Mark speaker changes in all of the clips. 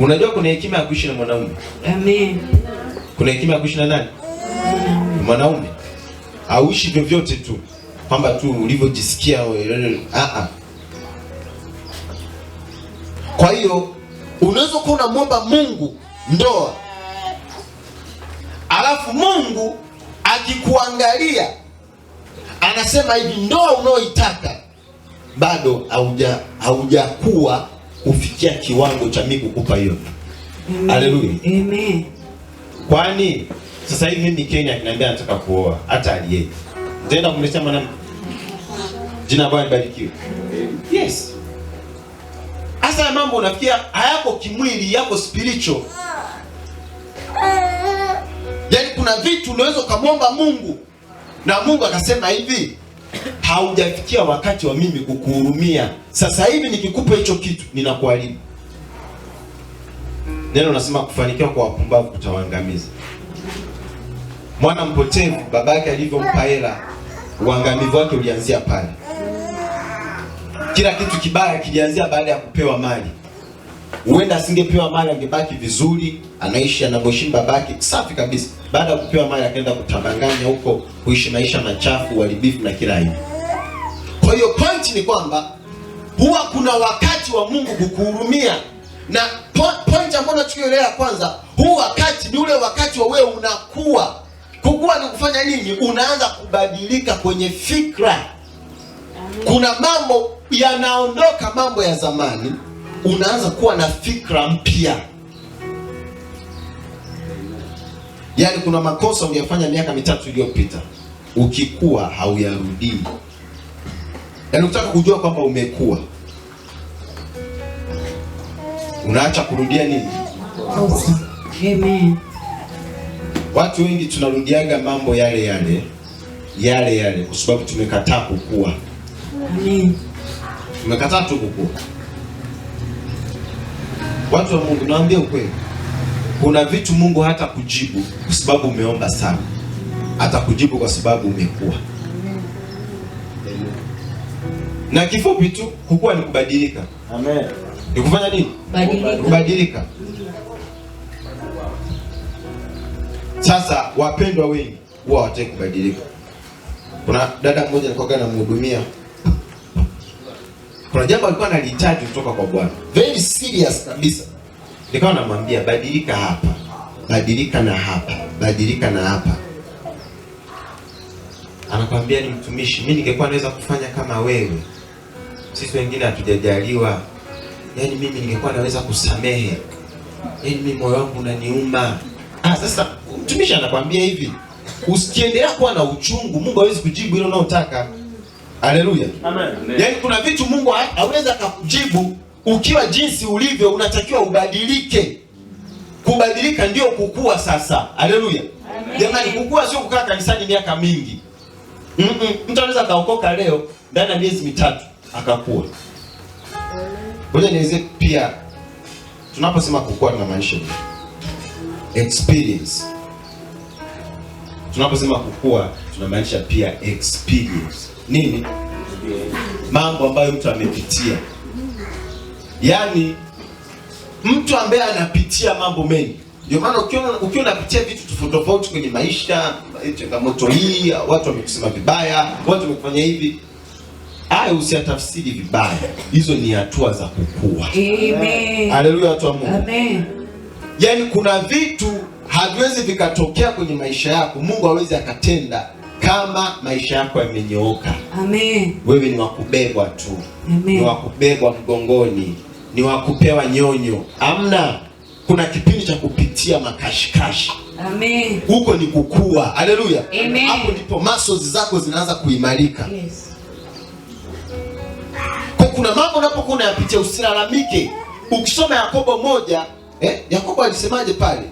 Speaker 1: Unajua kuna hekima ya kuishi na mwanaume. Amen. Kuna hekima ya kuishi na nani? Mwanaume. Auishi vyovyote tu kwamba tu ulivyojisikia wewe. Ah ah. Kwa hiyo unaweza kuwa unamwomba Mungu ndoa, alafu Mungu akikuangalia anasema hivi, ndoa unaoitaka bado hauja haujakuwa kufikia kiwango cha mimi kukupa hiyo. Haleluya, amen. Kwani sasa hivi mimi Kenya akiniambia nataka kuoa hata aliye nitaenda kumletea mwana, jina Bwana libarikiwe. Yes, hasa mambo unafikia hayako kimwili, yako spiritual. Yaani kuna vitu unaweza ukamwomba Mungu na Mungu akasema hivi haujafikia wakati wa mimi kukuhurumia. Sasa hivi nikikupa hicho kitu ninakuharibu. Neno nasema kufanikiwa kwa wapumbavu kutawaangamiza. Mwana mpotevu baba yake alivyompa hela, uangamivu wake ulianzia pale. Kila kitu kibaya kilianzia baada ya kupewa mali. Huenda asingepewa mali, angebaki vizuri, anaishi anamheshimu babake safi kabisa baada ya kupewa mali akaenda kutabanganya huko, kuishi maisha machafu, uharibifu na kila aina. Kwa hiyo point ni kwamba huwa kuna wakati wa Mungu kukuhurumia, na point ambayo nachukua ya kwanza, huu wakati ni ule wakati wa wewe unakuwa. Kukua ni kufanya nini? Unaanza kubadilika kwenye fikra. Kuna mambo yanaondoka, mambo ya zamani, unaanza kuwa na fikra mpya. Yaani kuna makosa uliyofanya miaka mitatu iliyopita, ukikua hauyarudii. Yaani ukitaka kujua kwamba umekua, unaacha kurudia nini? Watu wengi tunarudiaga mambo yale yale yale yale kwa sababu tumekataa kukua. Tumekataa tu kukua. Watu wa Mungu, naambia ukweli kuna vitu Mungu hata kujibu kwa sababu umeomba sana, atakujibu kwa sababu umekuwa na kifupi tu, kukua ni kubadilika. Amen. Ni kufanya nini? Kubadilika. Sasa wapendwa wengi huwa hawataki kubadilika. Kuna dada mmoja nilikuwa namhudumia, kuna jambo alikuwa analihitaji kutoka kwa Bwana, very serious kabisa nikawa namwambia badilika hapa, badilika na hapa, badilika na hapa. Anakwambia ni mtumishi, mimi ningekuwa naweza kufanya kama wewe. Sisi wengine hatujajaliwa, yaani mimi ningekuwa naweza kusamehe, yaani mimi moyo wangu unaniuma. Ah, sasa mtumishi anakwambia hivi, usikiendelea kuwa na uchungu, Mungu hawezi kujibu hilo unaotaka. Haleluya, amen. Yaani kuna vitu Mungu hawezi akakujibu ukiwa jinsi ulivyo unatakiwa ubadilike. Kubadilika ndio kukua. Sasa haleluya jamani, kukua sio kukaa kanisani miaka mingi. mm -mm. Mtu anaweza akaokoka leo ndani ya miezi mitatu akakua. Ngoja niweze pia, tunaposema kukua tunamaanisha experience. Tunaposema kukua tunamaanisha pia experience nini? Mambo ambayo mtu amepitia Yaani mtu ambaye anapitia mambo mengi. Ndio maana ukiona ukiwa unapitia vitu tofauti tofauti kwenye maisha, eh, changamoto hii, watu wamekusema vibaya, watu wamekufanya hivi, Haya, usiyatafsiri vibaya. Hizo ni hatua za kukua.
Speaker 2: Amen.
Speaker 1: Haleluya, watu wa Mungu. Amen. Yaani kuna vitu haviwezi vikatokea kwenye maisha yako, Mungu hawezi akatenda kama maisha yako yamenyooka. Amen. Wewe ni wakubebwa tu. Amen. Ni wakubebwa mgongoni ni wa kupewa nyonyo, amna. Kuna kipindi cha kupitia makashikashi Amen. Huko ni kukua, haleluya. Hapo ndipo muscles zako zinaanza kuimarika yes. Kwa kuna mambo unapokuwa unayapitia usilalamike. Ukisoma Yakobo moja eh, Yakobo alisemaje pale?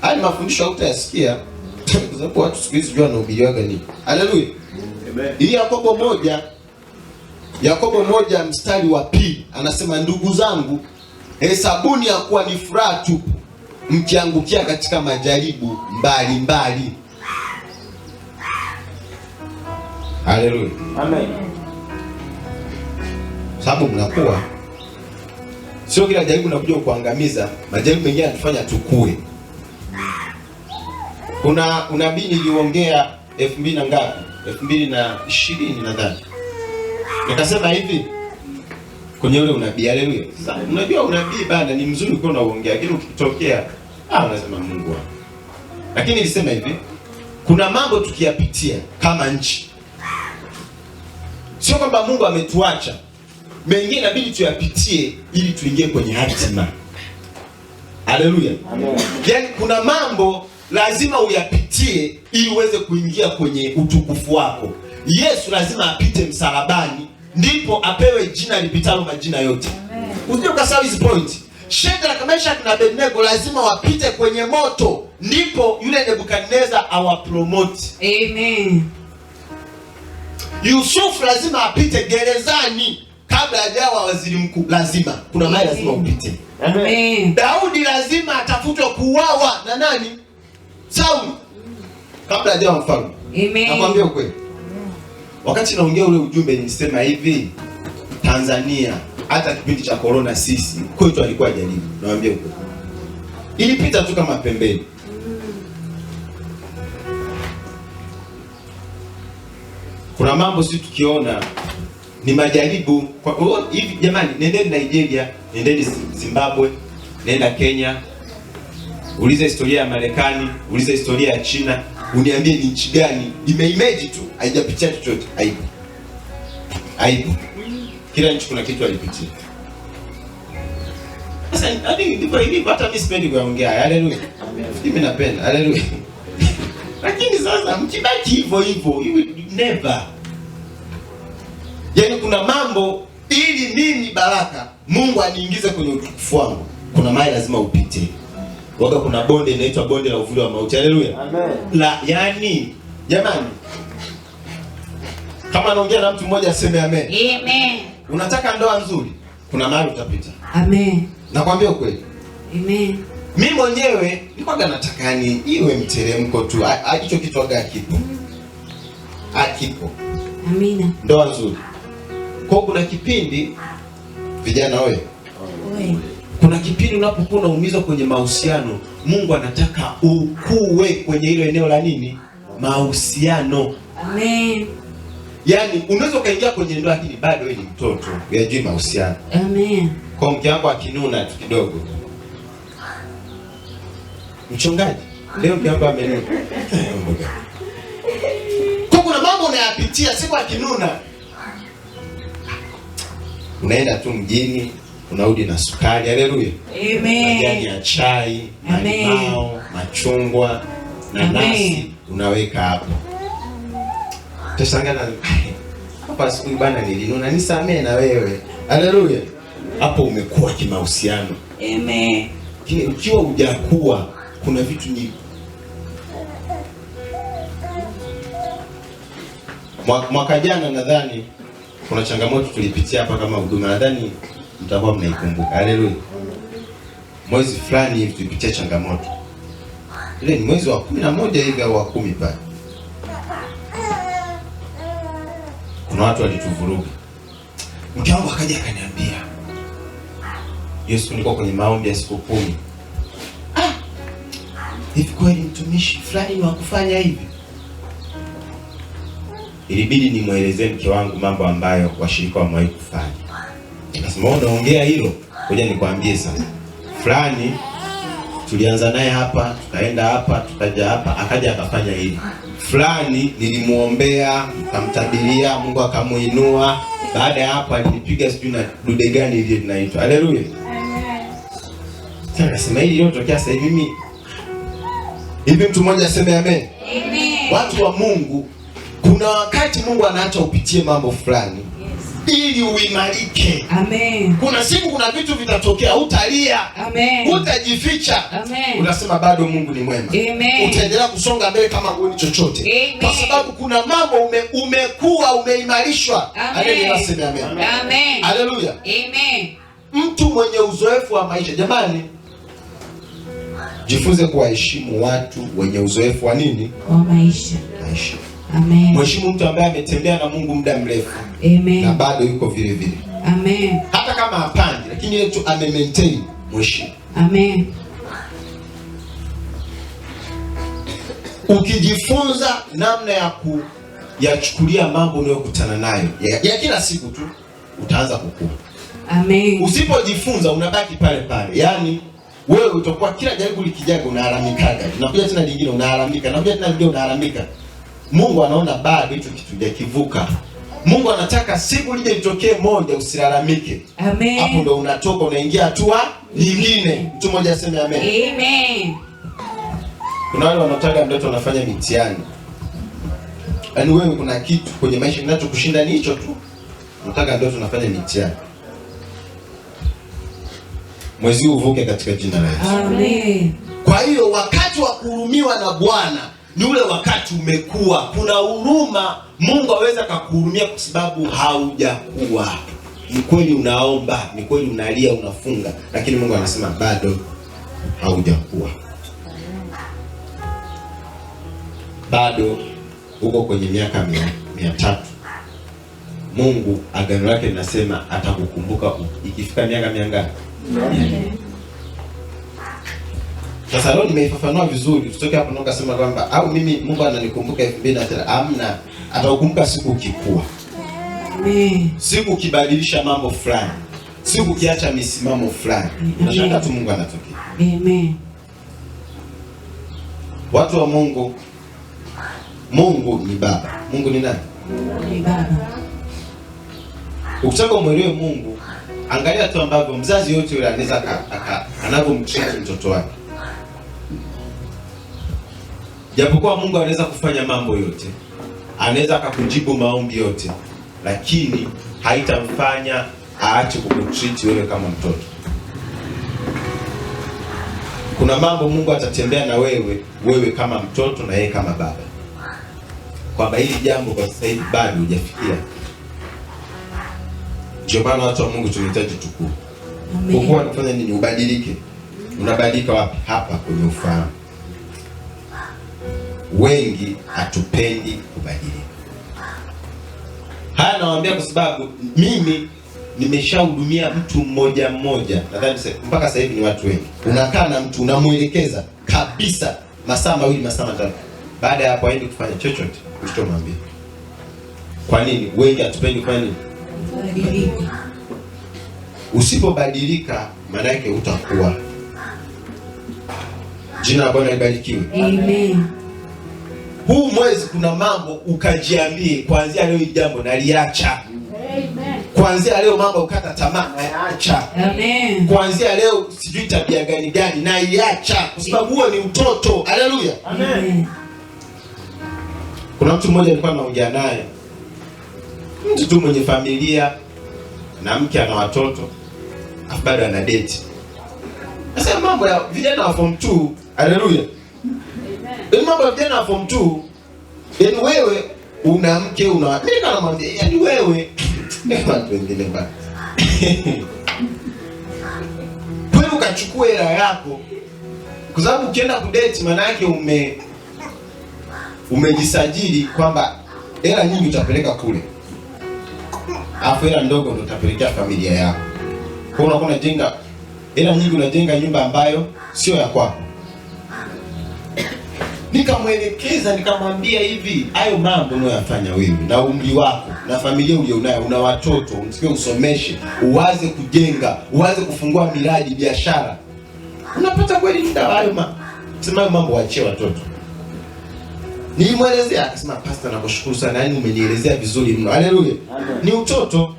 Speaker 1: Haya mafundisho hautayasikia kwa sababu watu siku hizi jua nini. Haleluya. Amen. Hii Yakobo moja Yakobo moja mstari wa pili anasema, ndugu zangu, hesabuni ya kuwa ni furaha tupu mkiangukia katika majaribu mbalimbali. Haleluya, amen. Sababu mnakuwa sio kila jaribu nakuja kuangamiza, majaribu mengine yanatufanya tukue. Kuna unabii niliongea elfu mbili na ngapi, elfu mbili na ishirini nadhani Nikasema hivi kwenye ule unabii, haleluya. Unajua unabii bana ni mzuri kwa unaongea, lakini ukitokea ah, unasema Mungu wangu. Lakini nilisema hivi, kuna mambo tukiyapitia kama nchi, sio kwamba Mungu ametuacha, mengine inabidi tuyapitie ili tuingie kwenye hatima. Haleluya, Yani kuna mambo lazima uyapitie ili uweze kuingia kwenye utukufu wako. Yesu lazima apite msalabani ndipo apewe jina lipitalo majina yote. Usije ukasahau hizi point. Shadraka, Meshaki na Abednego lazima wapite kwenye moto ndipo yule Nebukadneza awapromote.
Speaker 2: Amen.
Speaker 1: Yusufu lazima apite gerezani kabla hajawa waziri mkuu, lazima kuna mahali lazima upite.
Speaker 2: Amen.
Speaker 1: Daudi lazima atafutwe kuuawa na nani? Sauli, kabla hajawa mfalme. Amen. Nakwambia ukweli. Wakati naongea ule ujumbe nilisema hivi, Tanzania hata kipindi cha corona sisi kwetu alikuwa jaribu, nawaambia uko ilipita tu kama pembeni. Kuna mambo sisi tukiona ni majaribu hivi. Jamani, nendeni Nigeria, nendeni Zimbabwe, nenda Kenya, ulize historia ya Marekani, ulize historia ya China uniambie ni nchi gani imeimeji tu, haijapitia chochote. Aibu, aibu. Kila nchi kuna kitu alipitia. Sasa hadi ndipo ilivyo. Hata mimi sipendi kuongea. Haleluya, mimi napenda haleluya. Lakini sasa mkibaki hivyo hivyo, you will never. Yaani kuna mambo ili mimi baraka Mungu aniingize kwenye utukufu wangu, kuna mahali lazima upitie waka kuna bonde inaitwa bonde la uvuli wa mauti. Haleluya, amen. La yani, jamani, kama anaongea na mtu mmoja aseme amen,
Speaker 2: amen.
Speaker 1: Unataka ndoa nzuri, kuna mahali utapita. Amen, nakwambia ukweli. Amen. Mimi mwenyewe nilikuwa nataka yani iwe mteremko tu, hicho kitu aga kipo akipo.
Speaker 2: Amina. Ndoa
Speaker 1: nzuri. Kwa kuna kipindi vijana wewe. Kuna kipindi unapokuwa unaumizwa kwenye mahusiano, Mungu anataka ukue kwenye ile eneo la nini? Mahusiano.
Speaker 2: Amen.
Speaker 1: Yaani unaweza ukaingia kwenye ndoa lakini bado wewe ni mtoto, unajui mahusiano. Amen. Kwa mke wako akinuna tu kidogo. Mchungaji, leo mke wako amenuna. Kwa kuna mambo unayapitia siku akinuna. Unaenda tu mjini unarudi na sukari. Haleluya,
Speaker 2: majani
Speaker 1: ya chai malimao, machungwa na nasi unaweka hapo. Tushangana hapa sikuli bana, nilinuna nisamee na wewe. Haleluya, hapo umekuwa kimahusiano.
Speaker 2: Amen.
Speaker 1: Ukiwa hujakuwa kuna vitu ni mwaka jana, nadhani kuna changamoto tulipitia hapa kama huduma, nadhani mtakuwa mnaikumbuka. Haleluya. Mwezi fulani hivi tulipitia changamoto ile, ni mwezi wa kumi na moja hivi au wa kumi pale, kuna watu walituvuruga. Mke wangu akaja akaniambia, hiyo siku nilikuwa kwenye maombi ya siku kumi, ah! hivi kweli mtumishi fulani ni wakufanya hivi? Ilibidi nimwelezee mke wangu mambo ambayo washirika wamewahi kufanya Nasema unaongea hilo, ngoja nikwambie sasa. Fulani tulianza naye hapa, tukaenda hapa, tukaja hapa, akaja akafanya hivi. Fulani nilimuombea, nikamtabiria, Mungu akamuinua. Baada ya hapo alinipiga sijui na dude gani ile linaitwa. Haleluya. Sasa nasema hili lilotokea sasa hivi mimi Hivi mtu mmoja aseme amen. Amen. Watu wa Mungu kuna wakati Mungu anaacha upitie mambo fulani ili uimarike.
Speaker 2: Amen.
Speaker 1: Kuna siku kuna vitu vitatokea, utalia. Amen. Utajificha. Amen. Unasema bado Mungu ni mwema.
Speaker 2: Amen.
Speaker 1: Utaendelea kusonga mbele kama uoni chochote. Amen. Kwa sababu kuna mambo ume, umekuwa umeimarishwa. Amen. Amen. Amen. Amen. Mtu mwenye uzoefu wa maisha jamani, jifunze kuwaheshimu watu wenye uzoefu wa nini?
Speaker 2: Wa maisha.
Speaker 1: Maisha. Amen. Mheshimu mtu ambaye ametembea na Mungu muda mrefu Amen. na bado yuko vile vile Amen. hata kama hapandi, lakini yeye tu ame maintain mheshimu. Amen. Ukijifunza namna ya kuyachukulia mambo unayokutana nayo ya, ya kila siku tu utaanza kukua. Amen. Usipojifunza unabaki pale pale, yaani wewe utakuwa kila jaribu likijaga unalalamikaga, unakuja tena lingine unalalamika, unakuja tena lingine unalalamika Mungu anaona bado hicho kitu hakijavuka. Mungu anataka siku lije litokee moja, usilalamike.
Speaker 2: Amen. Hapo ndo
Speaker 1: unatoka unaingia hatua nyingine. Mtu mmoja aseme amen.
Speaker 2: Amen.
Speaker 1: Kuna wale wanataka mtoto anafanya mitihani. Yaani wewe kuna kitu kwenye maisha kinachokushinda ni hicho tu. Unataka mtoto anafanya mitihani. Mwezi uvuke katika jina la Yesu.
Speaker 2: Amen.
Speaker 1: Kwa hiyo wakati wa kuhurumiwa na Bwana ni ule wakati umekuwa, kuna huruma. Mungu aweza akakuhurumia kwa sababu haujakuwa. Ni kweli unaomba, ni kweli unalia, unafunga, lakini Mungu anasema bado haujakuwa, bado uko kwenye miaka mia, mia tatu. Mungu agano lake linasema atakukumbuka ikifika miaka mia ngapi? Sasa leo nimeifafanua vizuri, tutoke hapo ndo ukasema kwamba au mimi Mungu ananikumbuka 2030 amna, atakukumbuka siku ukikua, siku ukibadilisha mambo fulani, siku ukiacha misimamo fulani, unashangaa tu Mungu anatokea. Amen. Watu wa Mungu, Mungu ni baba. Mungu ni nani? ni baba. Ukitaka umwelewe Mungu, angalia tu ambavyo mzazi yote yule anaweza anavyomtreat mtoto wake Japokuwa Mungu anaweza kufanya mambo yote, anaweza akakujibu maombi yote, lakini haitamfanya aache kukutreat wewe kama mtoto. Kuna mambo Mungu atatembea na wewe, wewe kama mtoto na yeye kama baba, kwamba hili jambo kwa sasa hivi bado hujafikia. Ndio maana watu wa Mungu tunahitaji tukue. Kufanya nini? Ubadilike. Unabadilika wapi? Hapa kwenye ufahamu wengi hatupendi kubadilika. Haya nawaambia kwa sababu mimi nimeshahudumia mtu mmoja mmoja, nadhani mpaka sasa hivi ni watu wengi. Unakaa na mtu unamwelekeza kabisa masaa mawili masaa matatu, baada ya hapo aende kufanya chochote usichomwambia. Kwa nini? Wengi hatupendi kwa nini? Usipobadilika maana yake utakuwa. Jina la Bwana libarikiwe,
Speaker 2: amen
Speaker 1: huu mwezi kuna mambo ukajiambie, kuanzia leo hili jambo naliacha. Kuanzia leo mambo ukata tamaa naacha
Speaker 2: Amen.
Speaker 1: Kuanzia leo sijui tabia gani gani naiacha, kwa sababu huo ni utoto. Haleluya.
Speaker 2: Amen.
Speaker 1: Kuna mtu mmoja alikuwa anaongea naye, mtu tu mwenye familia na mke ana watoto, afu bado ana deti. Nasema mambo ya vijana wa form 2. Haleluya. Yaani mambo ya vijana form 2, yaani wewe una mke una mimi namwambia yaani wewe ni watu wengine bana. Wewe ukachukua hela yako kwa sababu ukienda kudate maana yake ume umejisajili kwamba hela nyingi utapeleka kule. Alafu hela ndogo ndo utapelekea familia yako. Kwa unakuwa unajenga hela nyingi unajenga nyumba ambayo sio ya kwako nikamwelekeza nikamwambia, hivi hayo mambo unayoyafanya wewe na umri wako na familia ulionayo, una watoto, unatakiwa usomeshe, uwaze kujenga, uwaze kufungua miradi, biashara. Unapata kweli muda wa hayo sema mambo, waachie watoto. Nilimwelezea akasema, Pastor, nakushukuru sana, yaani umenielezea vizuri mno. Haleluya, ni utoto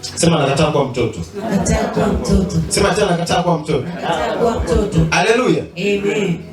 Speaker 1: Sema nakataa kuwa mtoto.
Speaker 2: Nakataa kuwa mtoto. Sema
Speaker 1: tena nakataa kuwa mtoto. Nakataa
Speaker 2: kuwa mtoto. Haleluya. Amen.